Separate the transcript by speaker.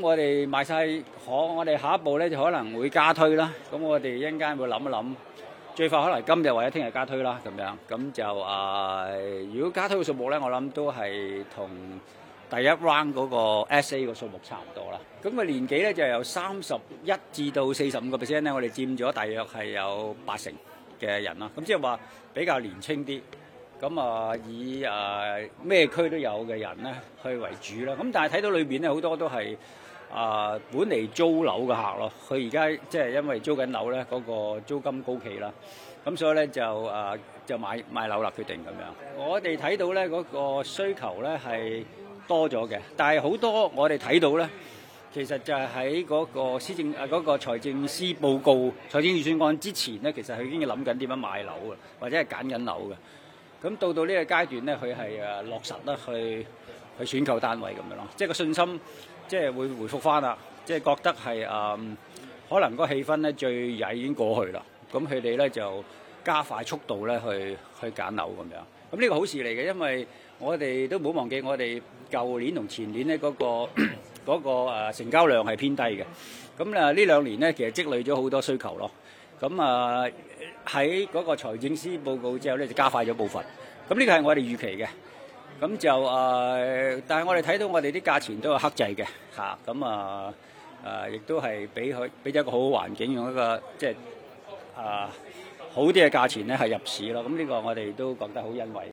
Speaker 1: 咁我哋賣曬可，我哋下一步咧就可能會加推啦。咁我哋一陣間會諗一諗，最快可能今日或者聽日加推啦。咁樣咁就啊，如果加推嘅數目咧，我諗都係同第一 round 嗰個 SA 嘅數目差唔多啦。咁佢年紀咧就由三十一至到四十五個 percent 咧，我哋佔咗大約係有八成嘅人啦。咁即係話比較年青啲。咁啊，以啊咩區都有嘅人咧去為主啦。咁但係睇到裏邊咧好多都係。啊、呃，本嚟租樓嘅客咯，佢而家即係因為租緊樓咧，嗰、嗰個租金高企啦，咁所以咧就啊、呃、就買買樓啦，決定咁樣。我哋睇到咧嗰、嗰個需求咧係多咗嘅，但係好多我哋睇到咧，其實就喺嗰個施政啊嗰、嗰個財政司報告、財政預算案之前咧，其實佢已經諗緊點樣買樓啊，或者係揀緊樓嘅。咁到到呢個階段咧，佢係啊落實啦，去去選購單位咁樣咯，即係個信心。即係會回復翻啦，即係覺得係、嗯、可能嗰個氣氛咧最曳已經過去啦。咁佢哋咧就加快速度咧去去揀樓咁樣。咁呢個好事嚟嘅，因為我哋都冇忘記，我哋舊年同前年咧、嗰個、嗰個、呃、成交量係偏低嘅。咁啊呢兩年咧其實積累咗好多需求咯。咁啊喺嗰個財政司報告之後咧就加快咗步伐。咁呢個係我哋預期嘅。咁就誒、呃、但係我哋睇到我哋啲價錢都係克制嘅，吓咁啊誒亦、啊啊、都係俾佢俾咗一個好好環境，用一個即係、就是、啊好啲嘅價錢咧，係入市咯。咁呢個我哋都覺得好欣慰。